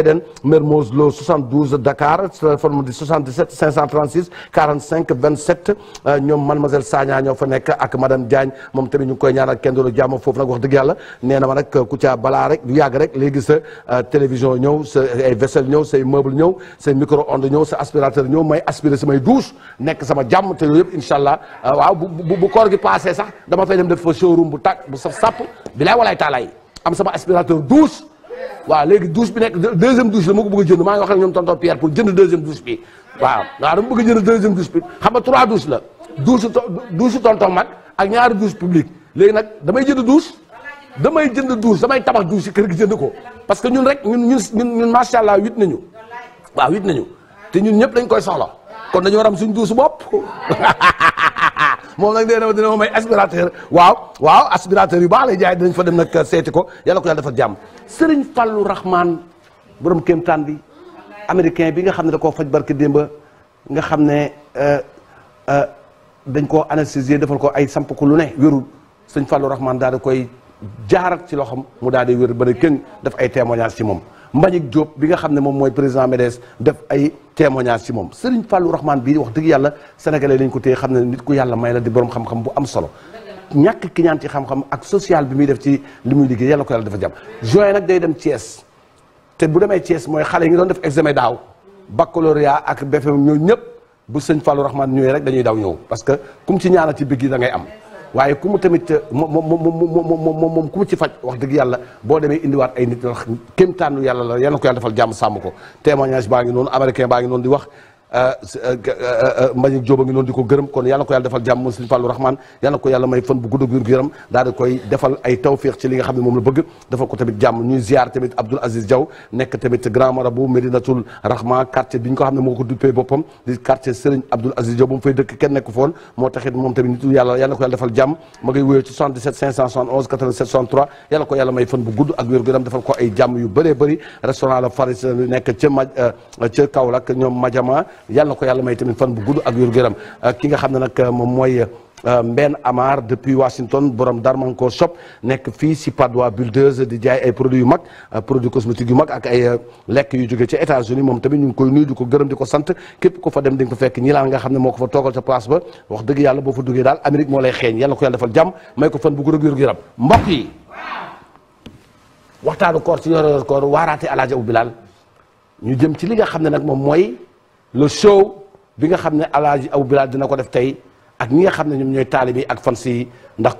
VDN Mermoz Lo 72 Dakar téléphone di 77 536 45 27 ñoom mademoiselle Sagna ñoo fa nekk ak madame Diagne moom tamit ñu ngi koy ñaanal kenn doolu jàmm foofu nag wax dëgg yàlla nee na ma nag Kouthia balaa rek léegi sa euh, télévision ñëw sa ay vaisselle ñëw say meuble ñëw micro onde ñëw sa aspirateur ñëw may aspiré samay douche nekk sama jàmm te yooyu yëpp incha allah euh, waaw bu bu koor gi passé sax dama fay dem def fa showroom bu tàkk bu waaw léegi douche bi nekk deuxième douche la ma ko bëgg a maa ngi wax ak ñoom tonton Pierre pour jënd deuxième douche bi waaw waaw dama bëgg a jënd deuxième douche trois douche la douche tonton mag ak ñaari douche publique léegi nag damay jënd douche damay jënd douche damay tabax douche si kër jënd ko parce que ñun rek ñun ñun ñun ñun macha allah huit nañu waaw huit nañu te ñun ñëpp dañ koy soxla kon dañoo war am suñ douche bopp moom nag nee na dina ma may aspirateur waaw waaw aspirateur yu baax lay jaay dinañ fa dem nag seeti ko yàlla ko yàlla dafa jàmm Serigne Fallou Rahman borom kéemtaan bi américain bi nga xam ne da koo faj barki démba nga xam ne euh, euh, dañ koo anesthésier defal ko ay samp ko lu ne wérul Serigne Fallou Rahman daal di koy jaar ci loxoom mu daal di wér ba ne këng def ay témoignage ci moom Mbagnick Diop bi nga xam ne moom mooy président MEDES def ay témoignage ci moom Serigne Fallou Rahman bii wax dëgg yàlla sénégalais lañ ko téye xam ne nit ku yàlla may la di borom xam-xam bu am solo ñàkk ki ñaan ci xam-xam ak social bi muy def ci li muy liggéey yàlla ko yàlla dafa jàmm join nag day dem cees te bu demee Thiès mooy xale yi ngi doon def examen daaw baccalauréat ak BFM ñoo ñëpp bu sëñ Fallou Rahman ñëwee rek dañuy daw ñëw parce que kum ci ñaanal ci bigg da am waaye ku mu tamit moom euh, moom moom moom moom ku ci faj wax dëgg yàlla boo demee indiwaat ay nit ndax tànnu yàlla la yan na ko yàlla defal jàmm sàmm ko témoignage baa ngi noonu américain baa ngi noonu di wax Mbagnick Diop a ngi noonu di ko gërëm kon yàlla na ko yàlla defal jàmm moom Serigne Fallou Rahman yàlla na ko yàlla may fan bu gudd ak wér gu yaram daal di defal li nga xam ne moom la bëgg defal ko tamit jàmm ñuy tamit Abdoul Aziz Diaw nekk tamit grand marabout Médinatoul Rahma quartier bi ñu ko xam ne moo ko duppee boppam di quartier Serigne nekk foon moo taxit moom tamit nitu yàlla ko defal jàmm ma ngay wéyoo ci 77 571 87 63 yàlla gu yaram defal ko ay jàmm yu bëree bëri restaurant la Faris nekk ca ma euh, ca Kaolack ñoom Madiama yàlla na ko yàlla may tamit fan bu gudd ak yor gëram ki nga xam ne nag euh, moom mooy euh, Mbène Amar depuis Washington borom Darmanco shop nekk fi si Padois Buldeuse di jaay ay produits yu mag euh, produits cosmétiques yu mag ak ay lekk yu jóge ca États-Unis moom tamit ñu ngi koy nuyu di ko gërëm di ko sant képp ko fa dem di nga ko fekk ñi laan nga xam ne moo ko fa toogal ca place ba wax dëgg yàlla boo fa duggee daal Amérique moo lay xeeñ yàlla ko yàlla defal jàmm may ko fan bu gudd ak yor gëram mbokk yi waxtaanu koor ci yor koor waaraate jëm ci li nga xam ne nag moom mooy le show bi nga xam ne alaaji aw bilal dina ko def tey ak ñi nga xam ne ñoom ñooy taalibe yi ak fans yi ndax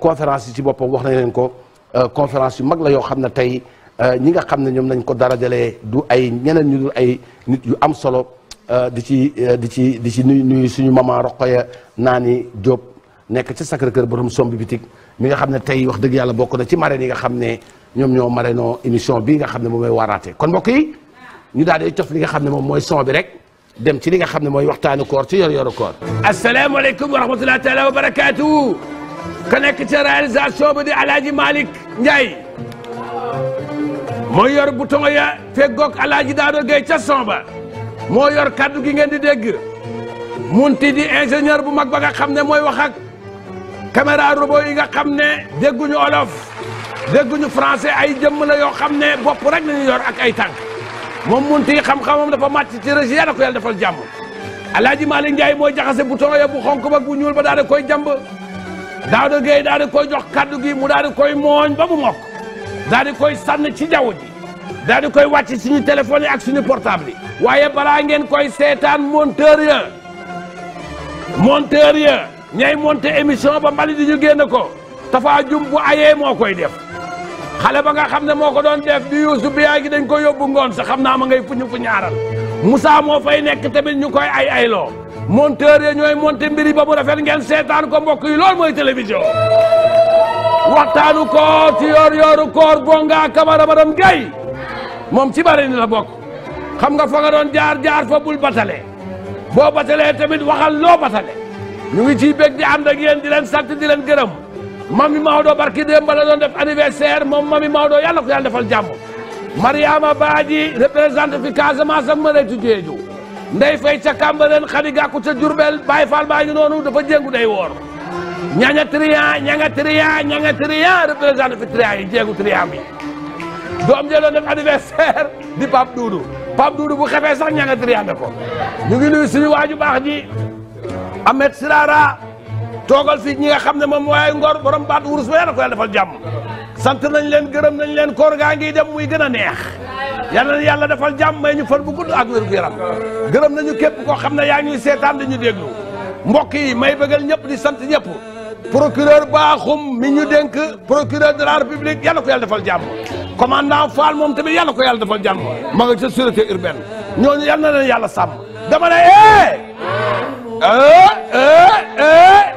yi ci boppam wax nañ leen ko euh, conférence yu mag la yoo xam ne tey euh, ñi nga xam ne ñoom nañ ko dara dalee du ay ñeneen ay nit yu am solo euh, di ci di ci di ci nuyu nuyu suñu maman Roqoya Naani Diop nekk ca Sacré-Cœur borom sombi mi nga xam ne tey wax dëgg yàlla bokk na ci marraine yi nga xam ne ñoom ñoo marrainoo émission bii nga xam ne moom mooy waaraate kon mbokk ñu daal di cof li nga xam ne moom mooy son bi rek dem ci li nga xam ne mooy waxtaanu koor ci yor yoru koor asalaamaaleykum wa rahmatullahi taala wa barakaatu ka nekk ca réalisation ba di alaaji Malick Ndiaye mooy yor bouton ya feggoog alaaji Daado Gueye ca son ba moo yor kaddu gi ngeen di dégg munti di ingénieur bu mag ba nga xam ne mooy wax ak caméra robot yi nga xam ne dégguñu olof dégguñu français ay jëmm la yoo xam ne bopp rek la ñu yor ak ay tànk moom munti xam-xamam dafa màcc ci région yàlla ko yàlla defal jàmm alaaji Malick Ndiaye mooy jaxase bouton ya bu xonk ba bu ñuul ba daal di koy jàmb Daouda Gueye daal koy jox kaddu gi mu daal di koy mooñ ba mu mokk daal di koy sànn ci jaww ji daal di koy wàcc suñu téléphone yi ak suñu portable yi waaye balaa ngeen koy seetaan monteur ya monteur ya ñay monté ba mbali di ñu génn ko tafa jum bu moo koy def xale ba nga xam ne moo ko doon def di yuusu bi yaa gi ko yóbbu ngoon sa xam naa ma nga fuñu fu ñaaral Moussa moo fay nekk tamit ñu koy ay ayloo monteur ya ñooy monté mbiri ba mu rafet ngeen seetaan ko mbokk yi loolu mooy télévision waxtaanu koor ci yoor yooru koor bonga kamara madam gay moom ci bari ni la xam nga fa nga doon jaar jaar fa bul batale boo batalee tamit waxal loo batale ñu ngi ciy bég di ànd ak yéen di leen sant di leen gërëm mami Maodo barki démb la doon def anniversaire moom mami Maodo yàlla ko yàlla defal jàmm Mariama Badji représente fi Casamance ak Marietou Diédhiou Ndeye Faye ca Cambérène Khady Gakou ca Diourbel Baye Fall baa ngi noonu dafa jéngu day woor ñaña trian ñaña trian ñaña trian représente fi trian yi jéegu trian bi doom jee doon def anniversaire di Pape Doudou Pape Doudou bu xefee sax ñaña trian de ko ñu ngi waaju baax ji Ahmed Sirara toogal fii ñi nga xam ne moom waaye ngor borom baat wurus ba yàlla ko yàlla defal jàmm sant nañ leen gërëm nañ leen koor gaa ngi dem muy gën a neex yàlla na yàlla defal jàmm may ñu fan bu gudd ak wér gu yaram gërëm nañu képp koo xam ne yaa ñuy seetaan di ñu déglu mbokk yi may bëggal ñëpp di sant ñëpp procureur Bakhoum mi ñu dénk procureur de la république yàlla ko yàlla defal jàmm commandant Fall moom tamit yàlla ko yàlla defal jàmm ma nga ca sûreté urbaine ñooñu yàlla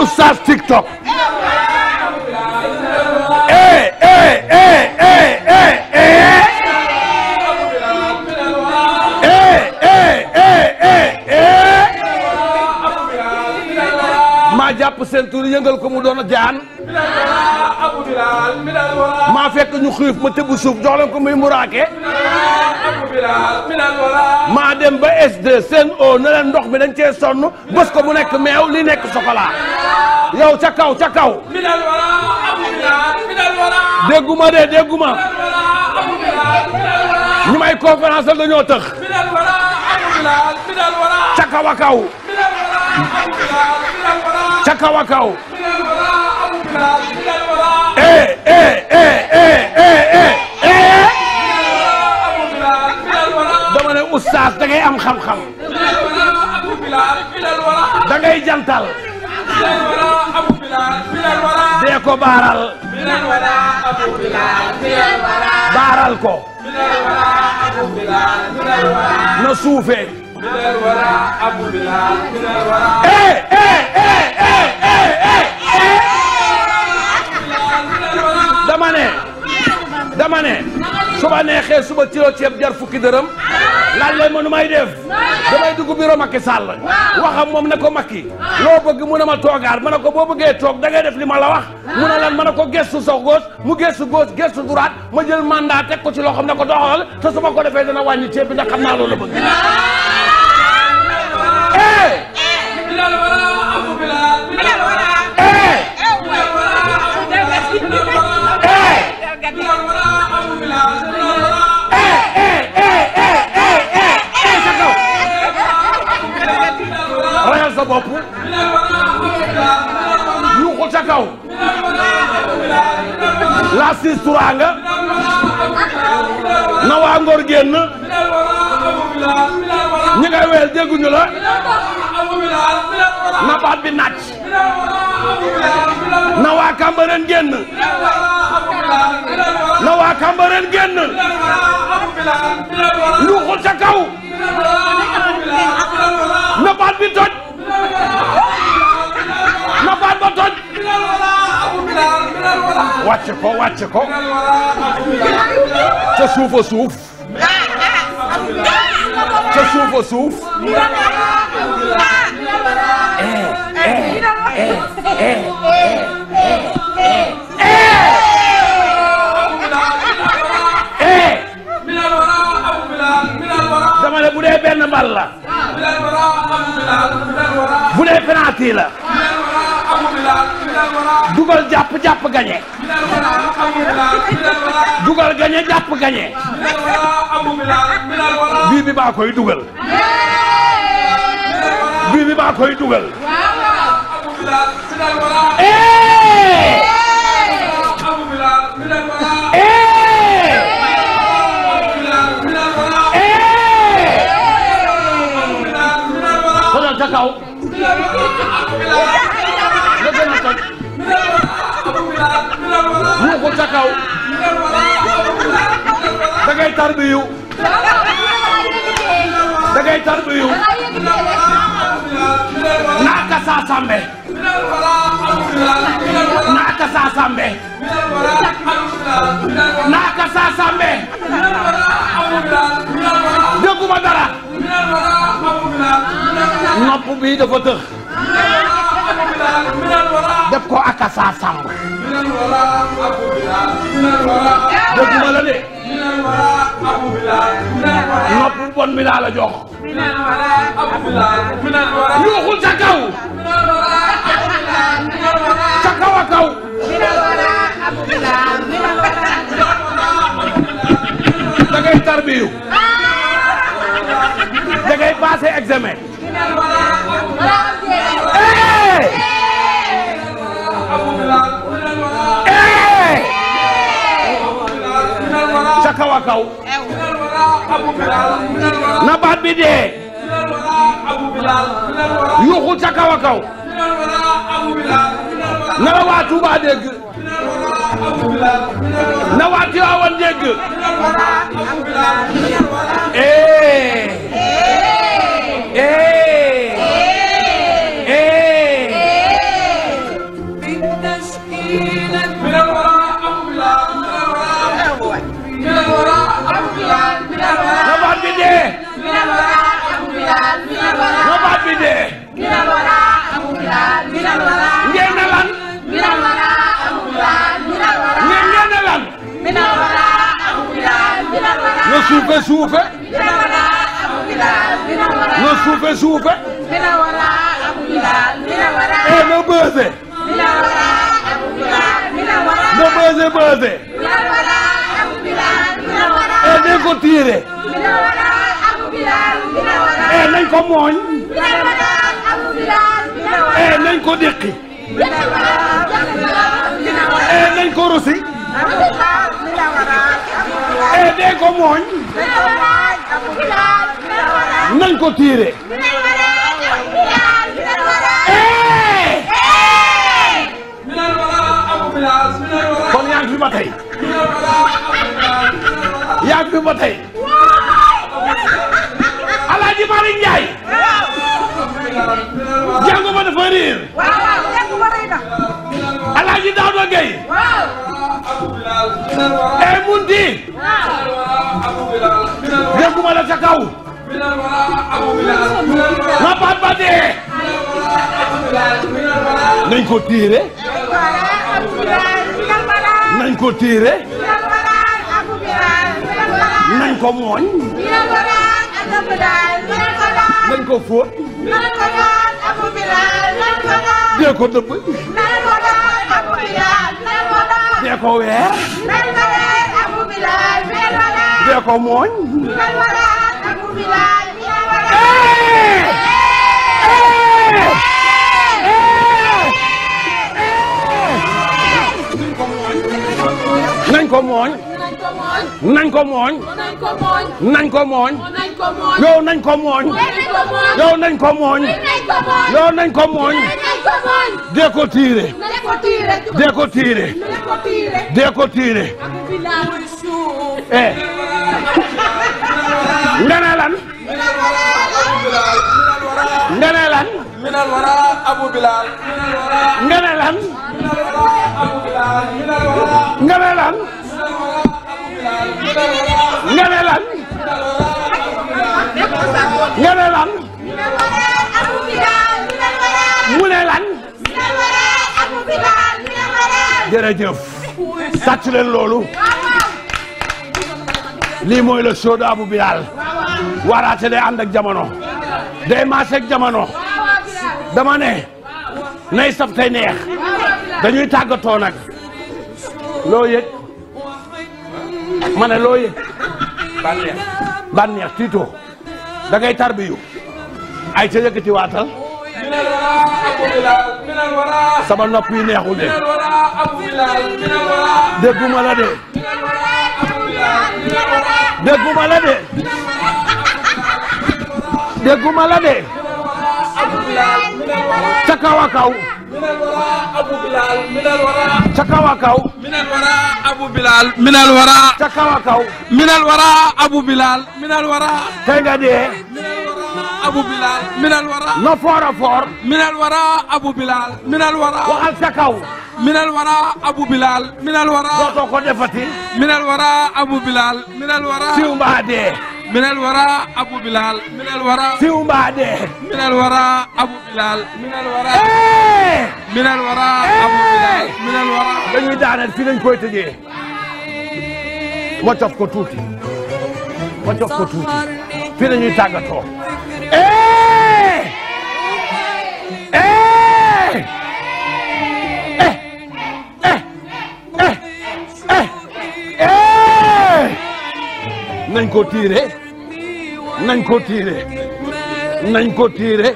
oustaz TikTok maa jàpp seen tur yëngal ko mu doon jaan maa fekk ñu xiif ma tëb suuf jox leen ko muy maa dem ba S2 seen o na leen ndox mi dañ cee sonn bës ko mu nekk meew li nekk sokolaa yow ca kaw ca kaw. dégguma de dégguma. ñu may conférence la dañoo ca kaw a kaw. ca kaw a kaw. eh eh eh, eh, eh, eh am xam-xam. da dee ko baaral baaral ko na suufe ee eh, ee eh, ee eh, ee dama ne dama ne suba neexee suba kilo ceeb jar fukki dërëm laaj leen ma nu may def damay dugg bureau Macky Sall waxam moom ne ko Macky loo bëgg mu ne ma toogaat ma ne ko boo bëggee toog dangay def li ma la wax mu ne lan ma ne ko gestu sa gauche mu gestu gauche gestu droite ma jël mandat teg ko ci loo xam ne ko doxal te su ma ko defee dana wàññi ceeb bi ndax xam naa loolu la bëgg bopp yuuxu ca kaw la siis turaanga na waa Ngor génn ñi ngay weel dégguñu la na baat bi naaj na waa Cambérène génn na waa Cambérène génn yuuxu ca kaw na baat bi toj na baat ba toj wàcc ko wàcc ko ca suuf a suuf ca suuf a suuf eh eh eh eh, eh, eh. dee benn bal la bu dee penalty la dugal jàpp jàpp gañe dugal gañe jàpp gañe bii bi baa koy dugal bii bi baa koy dugal dangay tarbiyu dangay tarbiyu naaka saa sambe naaka saa sambe naaka saa sambe dégguma dara nopp bi dafa tëx def ko ak saa samb dégguma la de nopp bu bon bi laa la jox. yuuxul ca kaw. ca kaw a kaw. da ngay tarbiyu. da ngay passé examen. sa kaw a kaw na baat bi dee yuuxu sa kaw a kaw na la waa Tuuba dégg na waa Tiwaawan dégg eh eh dee. minal wara amul laal minal wara. ngeen eh, ne lan. minal wara amul laal minal wara. ngeen ngeen ne lan. minal wara amul laal minal wara. nga suufe suufe. minal wara amul laal minal wara. nga suufe suufe. minal wara amul laal minal wara. eh nga bëse. minal wara amul laal minal wara. nga bëse bëse. minal wara amul laal minal wara. eh dee ko tiire. minal wara amul laal minal wara. eh nañ ko mooñ. eh nañ ko déqi eh nañ ko rusi eh dee ko mooñ nañ ko tiire eh! kon yaa fi ba tey fi ba ey mun di dégguma la ca kaw ma baat ba dee nañ ko tiire nañ ko tiire nañ ko mooñ nañ ko fóot dee ko dëbb dee ko ko mooñ. mel ma nañ ko mooñ. nañ ko mooñ. nañ ko mooñ. yow nañ ko mooñ. yow nañ ko mooñ. yow nañ ko mooñ. dee ko tiire nga ne lan nga ne lan abu bilal nga ne lan jërëjëf sàcc loolu lii mooy la show de Abou Bilal day ànd ak jamono day maase ak jamono dama ne nay saf neex dañuy tàggatoo nag loo yëg ma ne loo yëg bànneex bànneex tiito da tarbiyu ay ca yëkkati waatal sama nopp yi neexul de dégguma la de dégguma la de dégguma la de ca kaw a kaw ca kaw a kaw abu bilal minal wara ca kaw a kaw minal wara abu bilal minal wara tey nga dee Abu Bilal. minal wara. no foora foor. minal wara Abu Bilal. minal wara. waxal sa kaw. minal wara Abu Bilal. minal wara. dootoo ko defati. minal wara Abu Bilal. minal wara. siw mbaa dee. minal wara Abu Bilal. minal wara. siw mbaa dee. minal wara Abu Bilal. minal wara. minal wara Abu Bilal. minal wara. dañuy daaneel fii lañ koy tëjee. ma cof ko tuuti. ma cof ko tuuti. fii la ñuy tàggatoo. Eh! Eh! Eh! Eh! Eh! Eh! Eh! nañ ko tiire nañ ko tiire nañ ko tiire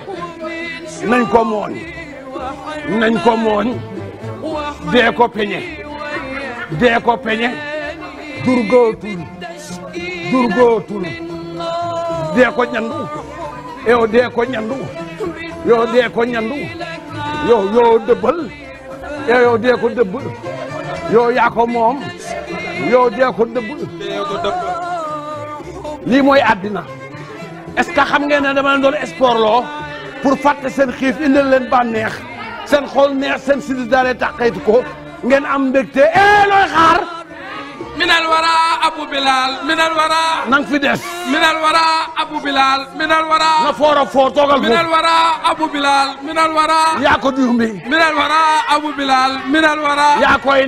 nañ mooñ nañ ko mooñ dee ko peñe dee ko peñe durgootul durgootul dee ko ñandu yow dee ko ñandu yow dee ñandu yow yow dëbbal yow dee ko dëbb yow yaa ko moom yow dee ko lii mooy àddina est-ce que xam ngeen ne dama leen doon sport loo pour fàtte seen xiif indil leen bànneex seen xool neex seen sidis daale tàqaytu ko ngeen am mbégte eh xaar minal wara abu bilal minal wara. fi des. na foora foo toogal foofu. minal wara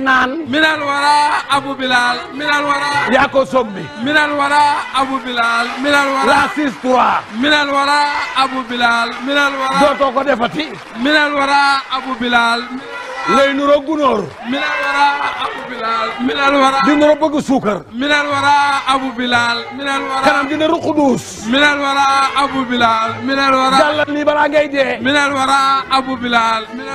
naan. minal wara abu bilal minal wara. yaa minal wara abu bilal minal wara. minal wara abu lay nuroo gunóor. minal wara abu bilal. minal wara di nuroo bëgg suukar. minal wara abu bilal. minal wara kanam gi ne ruquduus. minal wara abu bilal. minal wara jàllal nii balaa ngay dee. minal wara abu bilal.